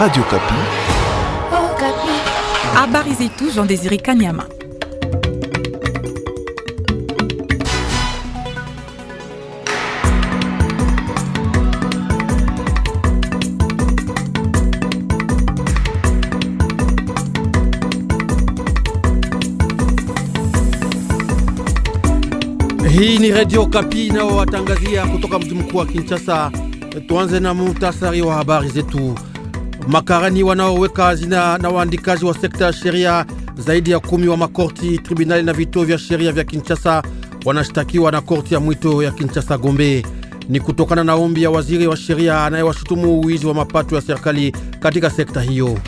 Radio Kapi. Oh, Kapi. Habari zetu Jean Désiré Kanyama. Hii ni Radio Kapi nao watangazia kutoka mji mkuu wa Kinshasa. Tuanze na muhtasari wa habari zetu makarani wanaoweka hazina na waandikaji wa sekta ya sheria zaidi ya kumi wa makorti tribunali na vituo vya sheria vya Kinshasa wanashtakiwa na korti ya mwito ya Kinshasa Gombe. Ni kutokana na ombi ya waziri wa sheria anayewashutumu uwizi wa mapato ya serikali katika sekta hiyo.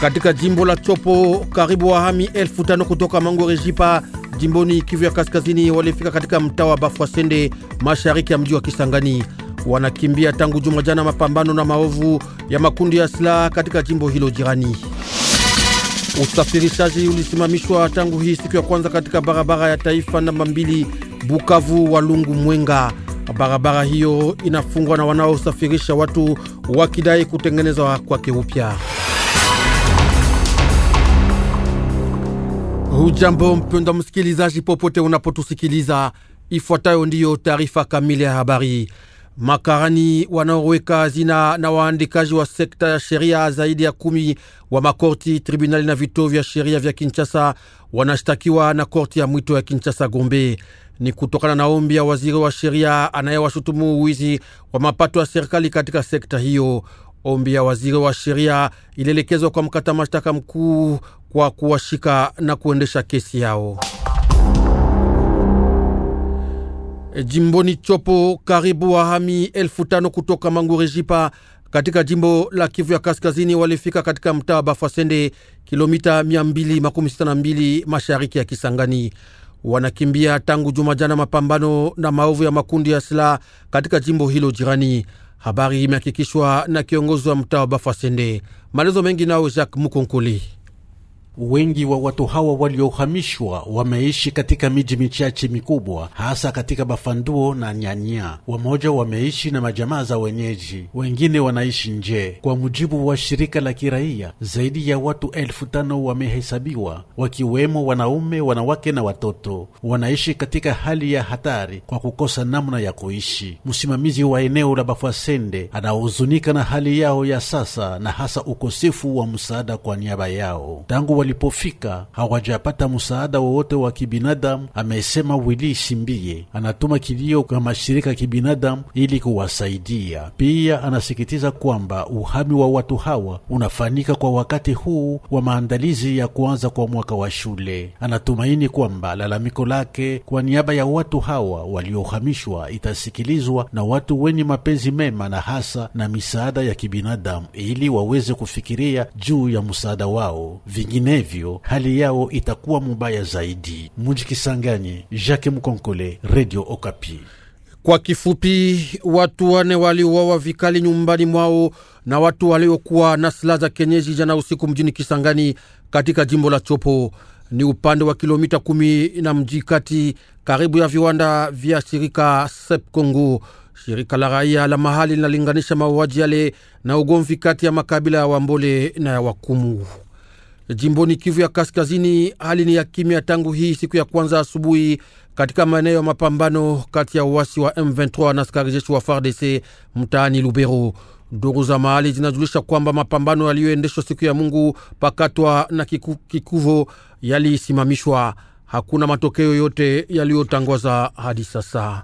Katika jimbo la Chopo, karibu wahami elfu tano kutoka mangorejipa jimboni Kivu ya Kaskazini walifika katika mtaa wa Bafwasende mashariki ya mji wa Kisangani wanakimbia tangu juma jana mapambano na maovu ya makundi ya silaha katika jimbo hilo jirani. Usafirishaji ulisimamishwa tangu hii siku ya kwanza katika barabara ya taifa namba mbili Bukavu Walungu Mwenga. Barabara hiyo inafungwa na wanaosafirisha watu wakidai kutengenezwa kwake upya. Hujambo mpenda msikilizaji, popote unapotusikiliza, ifuatayo ndiyo taarifa kamili ya habari makarani wanaoweka hazina na waandikaji wa sekta ya sheria zaidi ya kumi wa makorti tribunali na vituo vya sheria vya Kinshasa wanashtakiwa na korti ya mwito ya Kinshasa Gombe. Ni kutokana na ombi ya waziri wa sheria anayewashutumu uwizi wa mapato ya serikali katika sekta hiyo. Ombi ya waziri wa sheria ilielekezwa kwa mkata mashtaka mkuu kwa kuwashika na kuendesha kesi yao. Jimboni Chopo, karibu wahami elfu tano kutoka Mangurejipa katika jimbo la Kivu ya Kaskazini walifika katika mtaa Bafwasende, kilomita 262 mashariki ya Kisangani. Wanakimbia tangu juma jana mapambano na maovu ya makundi ya silaha katika jimbo hilo jirani. Habari imehakikishwa na kiongozi wa mtaa wa Bafwasende. Maelezo mengi nao Jacques Mukonkoli. Wengi wa watu hawa waliohamishwa wameishi katika miji michache mikubwa, hasa katika Bafanduo na Nyanya. Wamoja wameishi na majamaa za wenyeji, wengine wanaishi nje. Kwa mujibu wa shirika la kiraia, zaidi ya watu elfu tano wamehesabiwa, wakiwemo wanaume, wanawake na watoto. Wanaishi katika hali ya hatari kwa kukosa namna ya kuishi. Msimamizi wa eneo la Bafwasende anahuzunika na hali yao ya sasa na hasa ukosefu wa msaada kwa niaba yao tangu walipofika hawajapata msaada wowote wa kibinadamu, amesema Wili Simbie. Anatuma kilio kwa mashirika ya kibinadamu ili kuwasaidia. Pia anasikitiza kwamba uhami wa watu hawa unafanyika kwa wakati huu wa maandalizi ya kuanza kwa mwaka wa shule. Anatumaini kwamba lalamiko lake kwa niaba ya watu hawa waliohamishwa itasikilizwa na watu wenye mapenzi mema na hasa na misaada ya kibinadamu ili waweze kufikiria juu ya msaada wao vingine vinginevyo hali yao itakuwa mubaya zaidi. Mujikisangani, Jacques Mkonkole, Radio Okapi. Kwa kifupi, watu wane waliuawa vikali nyumbani mwao na watu waliokuwa na silaha za kienyeji jana usiku mjini Kisangani katika jimbo la Chopo ni upande wa kilomita kumi na mji kati, karibu ya viwanda vya shirika Sep Congo. Shirika la raia la mahali linalinganisha mauaji yale na ugomvi kati ya makabila ya Wambole na ya Wakumu. Jimboni Kivu ya Kaskazini, hali ni ya kimya tangu hii siku ya kwanza asubuhi katika maeneo ya mapambano kati ya uasi wa M23 na askari jeshi wa FARDC mtaani Lubero. Ndugu za mahali zinajulisha kwamba mapambano yaliyoendeshwa siku ya Mungu pakatwa na kiku, kikuvo yalisimamishwa. Hakuna matokeo yoyote yaliyotangazwa hadi sasa.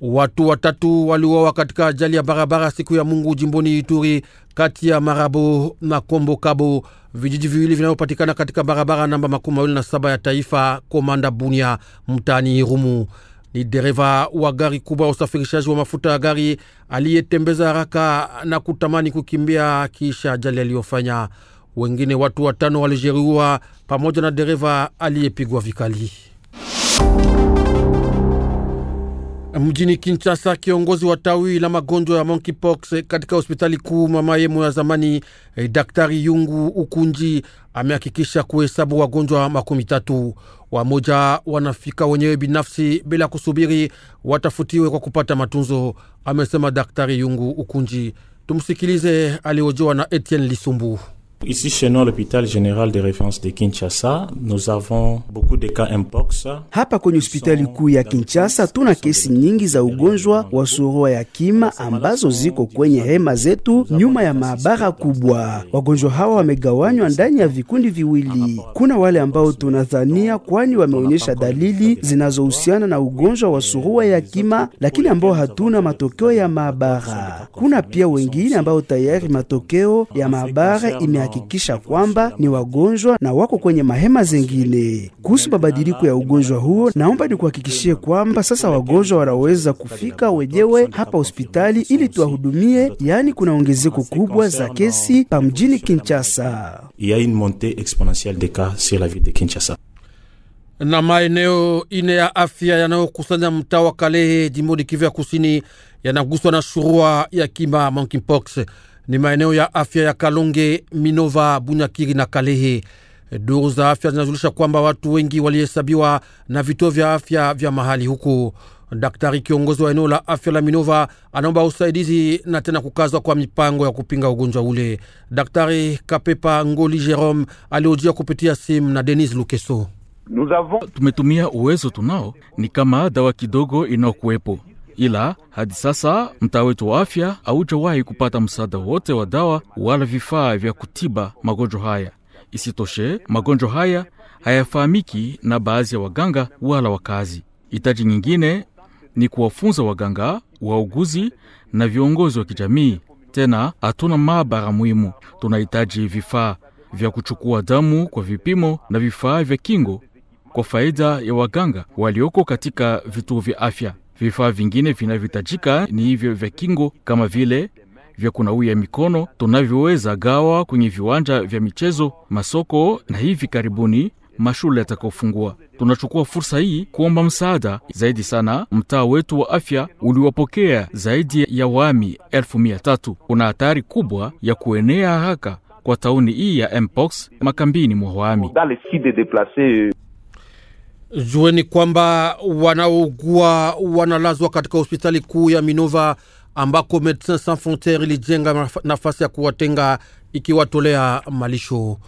Watu watatu waliuawa katika ajali ya barabara siku ya Mungu jimboni Ituri kati ya Marabo na Kombo Kabo, vijiji viwili vinavyopatikana katika barabara namba makumi mawili na saba ya taifa Komanda Bunia, mtaani Irumu. Ni dereva wa gari kubwa ya usafirishaji wa mafuta ya gari aliyetembeza haraka na kutamani kukimbia kisha ajali aliyofanya. Wengine watu watano walijeruhiwa pamoja na dereva aliyepigwa vikali. Mjini Kinshasa, kiongozi wa tawi la magonjwa ya monkeypox katika hospitali kuu mama yemo ya zamani eh, Daktari Yungu Ukunji amehakikisha kuhesabu wagonjwa makumi tatu. Wamoja wanafika wenyewe binafsi bila kusubiri watafutiwe kwa kupata matunzo, amesema Daktari Yungu Ukunji. Tumsikilize, aliojewa na Etienne Lisumbu. Ici chez nous, l'hôpital général de référence de Kinshasa, nous avons beaucoup de cas mpox. Hapa kwenye hospitali kuu ya Kinshasa tuna kesi nyingi za ugonjwa wa surua ya kima ambazo ziko kwenye hema zetu nyuma ya maabara kubwa. Wagonjwa hawa wamegawanywa ndani ya vikundi viwili. Kuna wale ambao tunadhania, kwani wameonyesha dalili zinazohusiana na ugonjwa wa surua ya kima, lakini ambao hatuna matokeo ya maabara. Kuna pia wengine ambao tayari matokeo ya maabara ime kuhakikisha kwamba ni wagonjwa na wako kwenye mahema zengine. Kuhusu mabadiliko ya ugonjwa huo, naomba nikuhakikishie kwamba sasa wagonjwa wanaweza kufika wenyewe hapa hospitali ili tuwahudumie, yaani kuna ongezeko kubwa za kesi pa mjini Kinshasa. Na maeneo ine ya afya yanayokusanya mtaa wa Kalehe jimboni Kivu ya Kusini yanaguswa na shurua ya kima monkeypox ni maeneo ya afya ya Kalonge, Minova, Bunyakiri na Kalehe. Duru za afya zinajulisha kwamba watu wengi walihesabiwa na vituo vya afya vya mahali huko. Daktari kiongozi wa eneo la afya la Minova anaomba usaidizi na tena kukazwa kwa mipango ya kupinga ugonjwa ule. Daktari Kapepa Ngoli Jerome aliojia kupitia simu na Denis Lukeso. Tumetumia uwezo tunao, ni kama dawa kidogo inaokuwepo ila hadi sasa mtaa wetu wa afya haujawahi kupata msaada wote wa dawa wala vifaa vya kutiba magonjwa haya. Isitoshe, magonjwa haya hayafahamiki na baadhi ya waganga wala wakazi. Hitaji nyingine ni kuwafunza waganga, wauguzi na viongozi wa kijamii. Tena hatuna maabara muhimu. Tunahitaji vifaa vya kuchukua damu kwa vipimo na vifaa vya kingo kwa faida ya waganga walioko katika vituo vya afya. Vifaa vingine vinavyohitajika ni hivyo vya kingo kama vile vya kunawia mikono tunavyoweza gawa kwenye viwanja vya michezo, masoko na hivi karibuni mashule yatakayofungua. Tunachukua fursa hii kuomba msaada zaidi sana. Mtaa wetu wa afya uliwapokea zaidi ya wami elfu mia tatu. Kuna hatari kubwa ya kuenea haka kwa tauni hii ya mpox makambini mwa wami. Jueni kwamba wanaougua wanalazwa katika hospitali kuu ya Minova ambako Medecin Sans Frontiere ilijenga nafasi ya kuwatenga ikiwatolea malisho.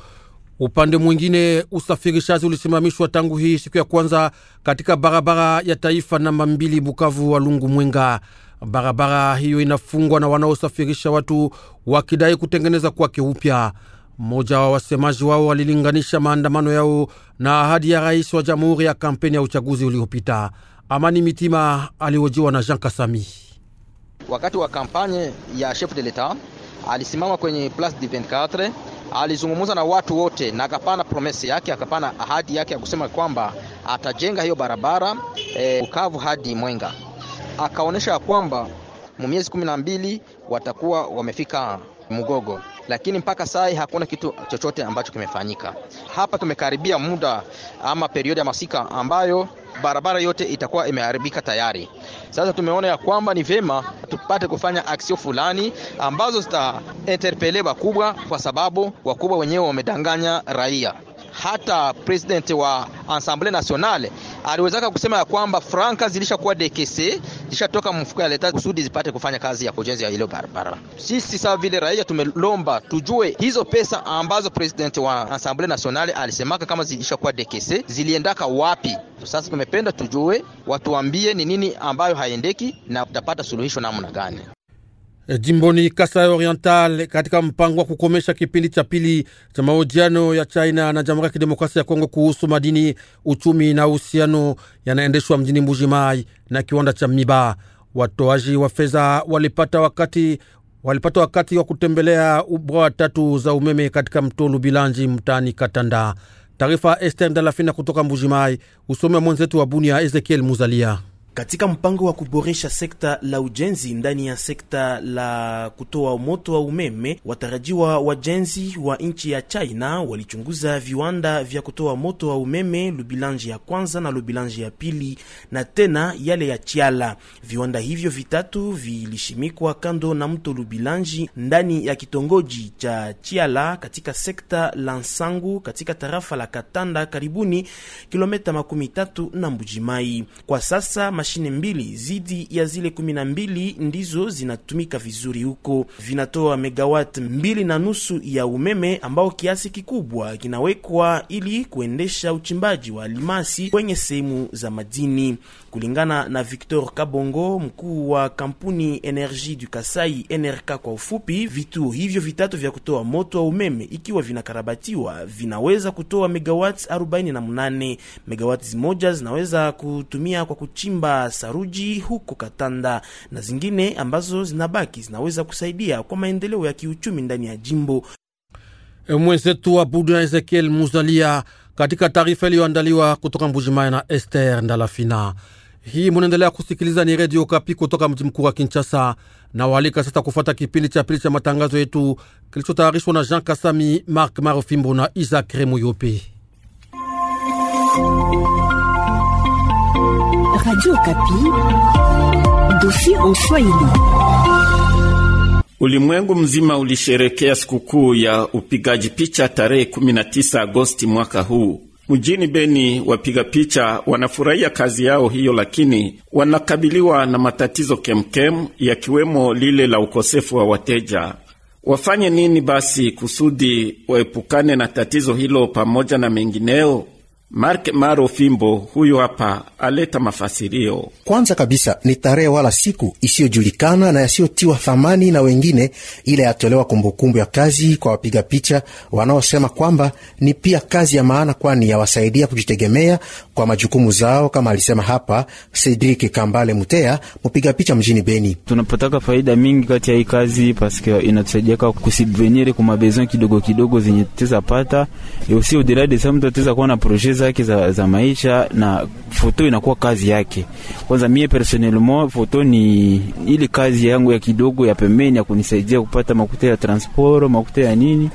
Upande mwingine, usafirishaji ulisimamishwa tangu hii siku ya kwanza katika barabara ya taifa namba mbili Bukavu wa lungu Mwenga. Barabara hiyo inafungwa na wanaosafirisha watu wakidai kutengeneza kwake upya. Mmoja wa wasemaji wao walilinganisha maandamano yao na ahadi ya rais wa jamhuri ya kampeni ya uchaguzi uliopita. Amani Mitima alihojiwa na Jean Kasami wakati wa kampanye ya chef de l'etat. Alisimama kwenye Place du 24 alizungumza na watu wote na akapana promesi yake, akapana ahadi yake ya kusema kwamba atajenga hiyo barabara e, hadi Mwenga. Akaonyesha ya kwamba mu miezi 12 watakuwa wamefika mgogo, lakini mpaka saa hii hakuna kitu chochote ambacho kimefanyika hapa. Tumekaribia muda ama periodi ya masika ambayo barabara yote itakuwa imeharibika tayari. Sasa tumeona ya kwamba ni vema tupate kufanya aksio fulani ambazo zitainterpele wakubwa, kwa sababu wakubwa wenyewe wamedanganya raia hata president wa Assemblée Nationale aliwezaka kusema ya kwamba franka zilishakuwa dekese zishatoka mfuko ya leta kusudi zipate kufanya kazi ya kujenzi ya ile barabara. Sisi sawa vile raia tumelomba tujue hizo pesa ambazo president wa Assemblée Nationale alisemaka kama zilishakuwa dekese ziliendaka wapi. Sasa tumependa tujue, watuambie ni nini ambayo haendeki na tutapata suluhisho namna gani. Eh, jimboni Kasai Oriental, katika mpango wa kukomesha kipindi cha pili cha mahojiano ya China na Jamhuri ya Kidemokrasia ya Kongo kuhusu madini, uchumi na uhusiano yanaendeshwa mjini Mbujimai na kiwanda cha Miba. Watoaji wa fedha walipata wakati walipata wakati wa kutembelea bwawa tatu za umeme katika mto Lubilanji mtaani Katanda. Taarifa Ester Dalafina kutoka Mbujimai, usomi wa mwenzetu wa Bunia Ezekiel Muzalia katika mpango wa kuboresha sekta la ujenzi ndani ya sekta la kutoa moto wa umeme, watarajiwa wajenzi wa nchi ya China walichunguza viwanda vya kutoa moto wa umeme Lubilanji ya kwanza na Lubilanji ya pili na tena yale ya Chiala. Viwanda hivyo vitatu vilishimikwa kando na mto Lubilanji ndani ya kitongoji cha Chiala katika sekta la Nsangu katika tarafa la Katanda karibuni kilometa makumi tatu na Mbujimai. Kwa sasa mashine mbili zidi ya zile kumi na mbili ndizo zinatumika vizuri huko, vinatoa megawati mbili na nusu ya umeme ambao kiasi kikubwa kinawekwa ili kuendesha uchimbaji wa almasi kwenye sehemu za madini, kulingana na Victor Kabongo, mkuu wa kampuni Energie du Kasai NRK kwa ufupi. Vituo hivyo vitatu vya kutoa moto wa umeme ikiwa vinakarabatiwa vinaweza kutoa megawati 48. Megawati moja zinaweza kutumia kwa kuchimba saruji huko Katanda na zingine ambazo zinabaki zinaweza kusaidia kwa maendeleo ya kiuchumi ndani ya jimbo. Eh, mwenzetu wa na Ezekiel Muzalia katika taarifa iliyoandaliwa kutoka mbujimaya na Ester Ndalafina. Hii munaendelea kusikiliza ni Redio Kapi kutoka mji mkuu wa Kinshasa na walika sasa kufuata kipindi cha pili cha matangazo yetu kilichotayarishwa na Jean Kasami, Mark Marofimbo na Isaac Remuyope. Radio Kapi, dossier en Swahili. Ulimwengu mzima ulisherekea sikukuu ya upigaji picha tarehe 19 Agosti mwaka huu. Mjini Beni wapiga picha wanafurahia kazi yao hiyo, lakini wanakabiliwa na matatizo kemkem, yakiwemo lile la ukosefu wa wateja. Wafanye nini basi kusudi waepukane na tatizo hilo pamoja na mengineo? Mark Maro Fimbo huyu hapa aleta mafasirio. Kwanza kabisa ni tarehe wala siku isiyojulikana na yasiyotiwa thamani na wengine, ile yatolewa kumbukumbu ya kazi kwa wapiga picha wanaosema kwamba ni pia kazi ya maana, kwani yawasaidia kujitegemea kwa majukumu zao, kama alisema hapa Cedric Kambale Mutea, mpiga picha mjini Beni. tunapataka faida mingi kati ya hii kazi paske inatusaidiaka kusubvenir kumabezon kidogo kidogo zenye tutaweza pata, et aussi au kuwa na projet zake za, za maisha na foto inakuwa kazi yake. Kwanza mie personnellement foto ni ile kazi yangu ya kidogo ya pembeni ya kunisaidia kupata makuta ya transport, makuta ya nini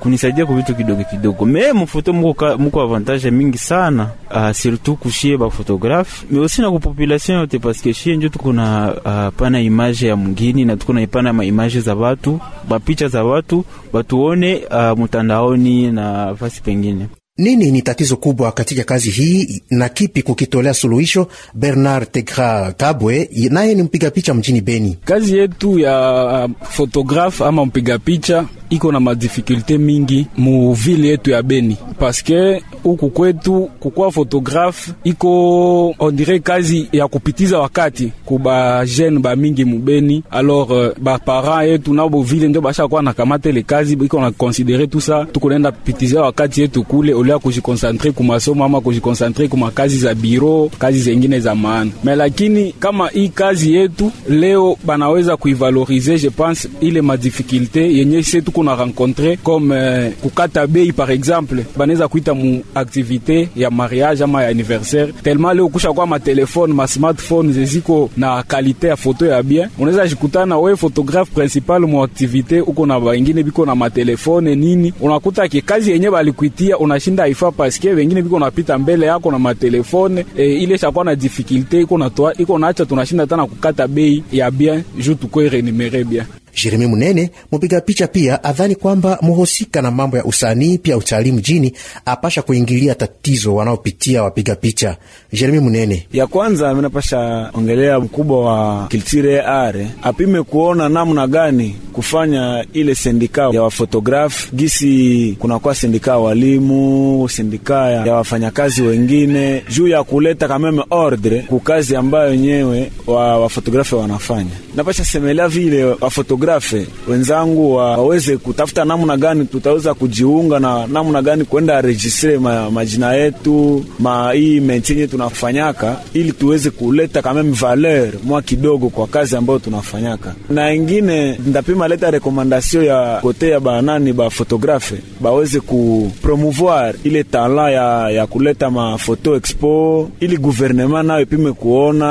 kunisaidia kwa vitu kidogo kidogo. Me mfoto muko muko avantage mingi sana uh, surtout kushie ba photographe mais aussi na population yote parce que shie ndio tuko na uh, pana image ya mgini na tuko na ipana ma image za watu, ba picha za watu, watuone uh, ah, mtandaoni na fasi pengine. Nini ni tatizo kubwa katika kazi hii na kipi kukitolea suluhisho? Bernard Tegra Kabwe naye ni mpiga picha mjini Beni. Kazi yetu ya fotografe uh, ama mpiga picha iko na madifikulte mingi mu vile yetu ya Beni paske huku kwetu kukua fotografe iko ondire kazi ya kupitiza wakati kuba jeune ba mingi mubeni. Alors uh, ba parent yetu nabo vile ndio basha kwa nakamata ile kazi iko na considere tout ça, tukunaenda kupitizia wakati yetu kule ole ya ku masomo ama kujikonsentre ku makazi za biro, kazi zengine za maana me. Lakini kama hii kazi yetu leo banaweza kuivalorize, je pense ile madifikulte yenye setu tuko na rencontre comme eh, kukata bei par exemple banaweza kuita mu activité ya mariage ama ya anniversaire tellement leo kusha kwa matelefone ma smartphone zeziko na kalite ya foto ya bien, unaweza jikutana we photographe principal mu activité uko na bengine biko na matelefone nini, unakuta ke kazi yenye balikuitia unashinda ifa paske bengine biko napita mbele yako na matelefone eh, ile shakuwa na difficulté iko na toa iko naacha tunashinda tena kukata bei ya bien juu renumere bien Jeremi Munene, mpiga picha, pia adhani kwamba muhusika na mambo ya usanii pia utalii mjini apasha kuingilia tatizo wanaopitia wapiga picha. Jeremi Munene: ya kwanza minapasha ongelea mkubwa wa kiltire are apime kuona namna gani kufanya ile sendika ya wafotograf gisi kunakuwa sendika ya walimu, sendika ya wafanyakazi wengine juu ya kuleta kameme ordre kukazi ambayo wenyewe wa wafotografi wanafanya. Napasha semelea vile wafotogra geografe wenzangu wa, waweze kutafuta namna gani tutaweza kujiunga na namna gani kwenda registre ma, majina yetu ma hii mentinye tunafanyaka, ili tuweze kuleta kameme valeur mwa kidogo kwa kazi ambayo tunafanyaka. Na ingine ndapima leta rekomandasio ya kote ya banani ba fotografe baweze kupromouvoir ile tala ya, ya kuleta mafoto expo, ili guvernema nayo ipime kuona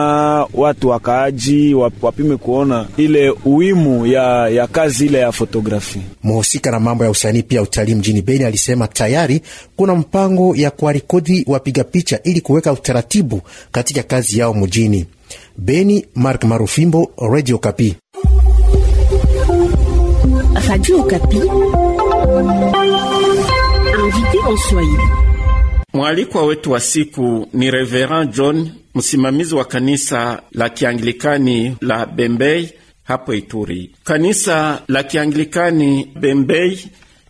watu wakaaji wapime kuona ile uimu ya ya, ya kazi ile ya fotografi. Mhusika na mambo ya usanii pia utalii mjini Beni alisema tayari kuna mpango ya kuwarekodi wapiga picha ili kuweka utaratibu katika kazi yao mjini Beni. Mark Marufimbo, Radio Kapi. Kapi. Mwalikwa wetu wa siku ni Reverend John, msimamizi wa kanisa la Kianglikani la Bembei hapo Ituri. Kanisa la Kianglikani Bembei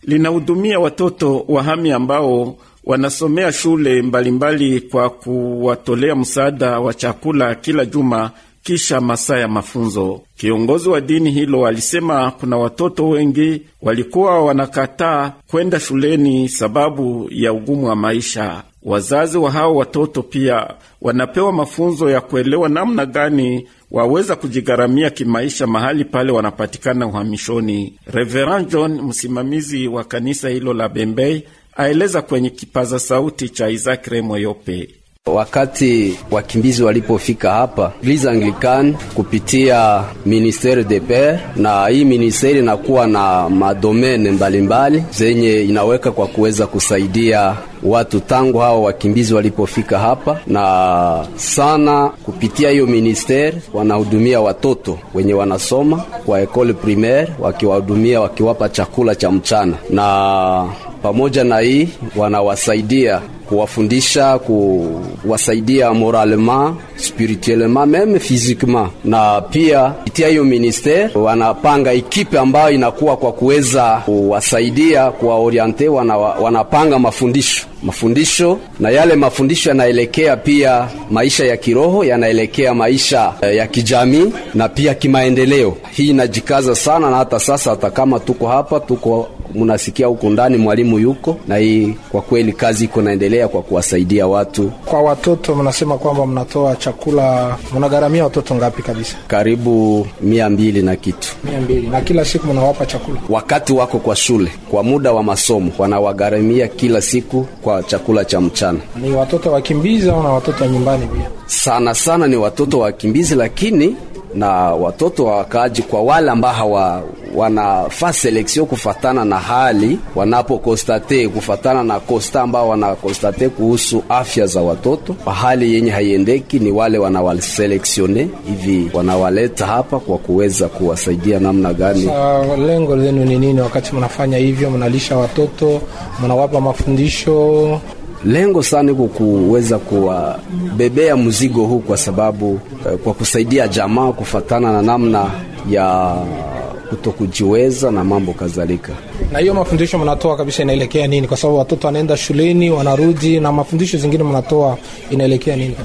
linahudumia watoto wahami ambao wanasomea shule mbalimbali mbali kwa kuwatolea msaada wa chakula kila juma kisha masaa ya mafunzo. Kiongozi wa dini hilo alisema kuna watoto wengi walikuwa wanakataa kwenda shuleni sababu ya ugumu wa maisha. Wazazi wa hao watoto pia wanapewa mafunzo ya kuelewa namna gani waweza kujigharamia kimaisha mahali pale wanapatikana uhamishoni. Reverend John, msimamizi wa kanisa hilo la Bembei, aeleza kwenye kipaza sauti cha Isaac Remoyope. Wakati wakimbizi walipofika hapa Eglise anglicane kupitia ministere de per, na hii ministeri inakuwa na madomene mbalimbali zenye inaweka kwa kuweza kusaidia watu tangu hao wakimbizi walipofika hapa, na sana kupitia hiyo ministeri wanahudumia watoto wenye wanasoma kwa ekole primaire, wakiwahudumia wakiwapa chakula cha mchana na pamoja na hii wanawasaidia kuwafundisha kuwasaidia moralema spirituelema meme fizikema, na pia kupitia hiyo ministere wanapanga ekipe ambayo inakuwa kwa kuweza kuwasaidia kuwaoriente, wana, wanapanga mafundisho mafundisho, na yale mafundisho yanaelekea pia maisha ya kiroho, yanaelekea maisha eh, ya kijamii na pia kimaendeleo. Hii inajikaza sana, na hata sasa, hata kama tuko hapa tuko mnasikia huko ndani mwalimu yuko na hii, kwa kweli kazi iko naendelea kwa kuwasaidia watu. Kwa watoto mnasema kwamba mnatoa chakula, mnagharamia watoto ngapi kabisa? Karibu mia mbili na kitu, mia mbili na kila siku mnawapa chakula wakati wako kwa shule, kwa muda wa masomo wanawagharamia kila siku kwa chakula cha mchana. Ni watoto wakimbizi au na watoto wa nyumbani pia? Sana sana ni watoto wakimbizi, lakini na watoto wakaaji kwa wale ambao hawa wanafa seleksion kufatana na hali wanapokostate, kufatana na kosta ambao wanakonstate kuhusu afya za watoto. Hali yenye haiendeki ni wale wanawaseleksione hivi, wanawaleta hapa kwa kuweza kuwasaidia namna gani. Sa, lengo lenu ni nini wakati mnafanya hivyo? Mnalisha watoto, mnawapa mafundisho lengo sana iko kuweza kuwabebea mzigo huu, kwa sababu eh, kwa kusaidia jamaa kufatana na namna ya kutokujiweza na mambo kadhalika. Na hiyo mafundisho mnatoa kabisa inaelekea nini? Kwa sababu watoto wanaenda shuleni wanarudi, na mafundisho zingine mnatoa inaelekea nini?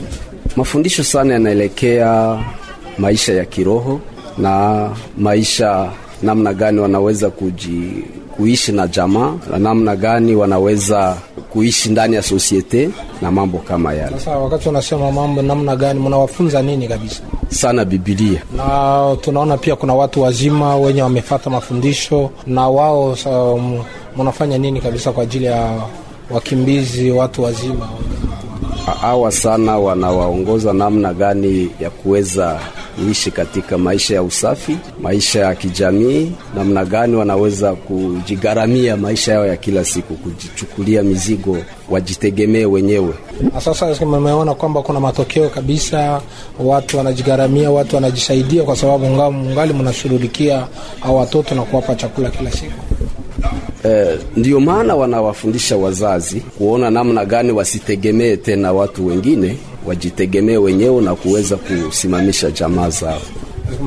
Mafundisho sana yanaelekea maisha ya kiroho na maisha namna gani wanaweza kuji, kuishi na jamaa na namna gani wanaweza kuishi ndani ya sosiete na mambo kama yale. Sasa wakati wanasema mambo namna gani, mnawafunza nini kabisa? Sana Biblia, na tunaona pia kuna watu wazima wenye wamefata mafundisho na wao. Um, mnafanya nini kabisa kwa ajili ya wakimbizi, watu wazima? hawa sana wanawaongoza namna gani ya kuweza kuishi katika maisha ya usafi, maisha ya kijamii, namna gani wanaweza kujigharamia maisha yao ya kila siku, kujichukulia mizigo, wajitegemee wenyewe. Sasa mmeona kwamba kuna matokeo kabisa, watu wanajigharamia, watu wanajisaidia, kwa sababu ngali mnashughulikia hao watoto na kuwapa chakula kila siku. Eh, ndio maana wanawafundisha wazazi kuona namna gani wasitegemee tena watu wengine, wajitegemee wenyewe na kuweza kusimamisha jamaa zao.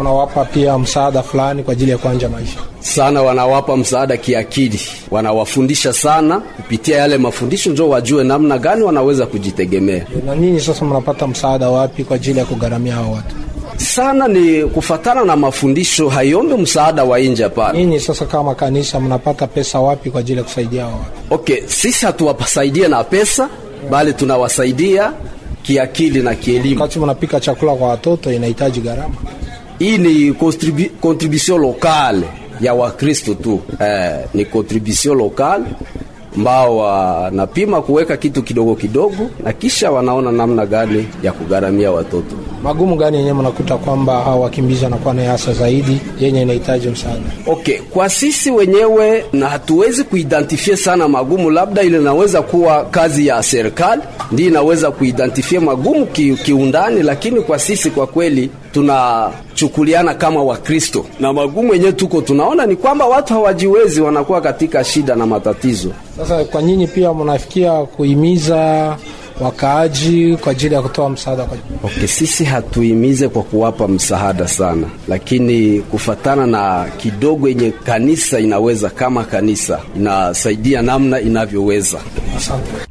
Mnawapa pia msaada fulani kwa ajili ya kuanja maisha sana, wanawapa msaada kiakili, wanawafundisha sana kupitia yale mafundisho, njo wajue namna gani wanaweza kujitegemea. Na nyinyi sasa mnapata msaada wapi kwa ajili ya kugharamia hao watu? sana ni kufatana na mafundisho, haiombe msaada wa nje. Hapana, Nini sasa kama kanisa mnapata pesa wapi kwa ajili ya kusaidia hao? Okay, sisi hatuwasaidie na pesa yeah, bali tunawasaidia kiakili na kielimu. Wakati mnapika chakula kwa watoto inahitaji gharama, hii ni contribution lokale ya Wakristo tu eh, ni contribution lokale ambao wanapima kuweka kitu kidogo kidogo, na kisha wanaona namna gani ya kugharamia watoto magumu gani yenyewe mnakuta kwamba hao wakimbizi wanakuwa na hasa zaidi yenye inahitaji msaada? Okay, kwa sisi wenyewe na hatuwezi kuidentifie sana magumu, labda ile inaweza kuwa kazi ya serikali ndio inaweza kuidentifie magumu ki, kiundani, lakini kwa sisi kwa kweli tunachukuliana kama Wakristo na magumu yenyewe tuko tunaona ni kwamba watu hawajiwezi, wanakuwa katika shida na matatizo. Sasa kwa nyinyi pia mnafikia kuhimiza wakaaji kwa ajili ya kutoa msaada kwa... Okay, sisi hatuimize kwa kuwapa msaada sana, lakini kufatana na kidogo yenye kanisa inaweza, kama kanisa inasaidia namna inavyoweza. Asante.